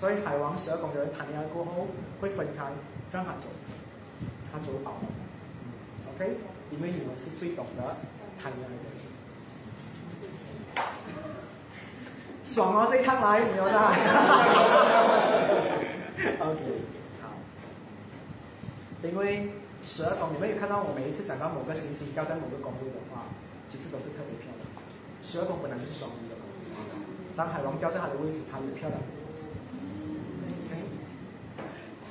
所以海王十二宮的人談戀愛，過後，會分開讓佢他做走他走、嗯，他做了 OK 因為你們是最懂得談戀愛嘅人。爽哦，呢一趟來唔要得，OK，好。因為十二宮，你們有看到我每一次講到某個行星掉在某個宮位的話，其實都是特別漂亮。十二宮本來就是雙魚嘅宮，當海王掉在他的位置，他也漂亮。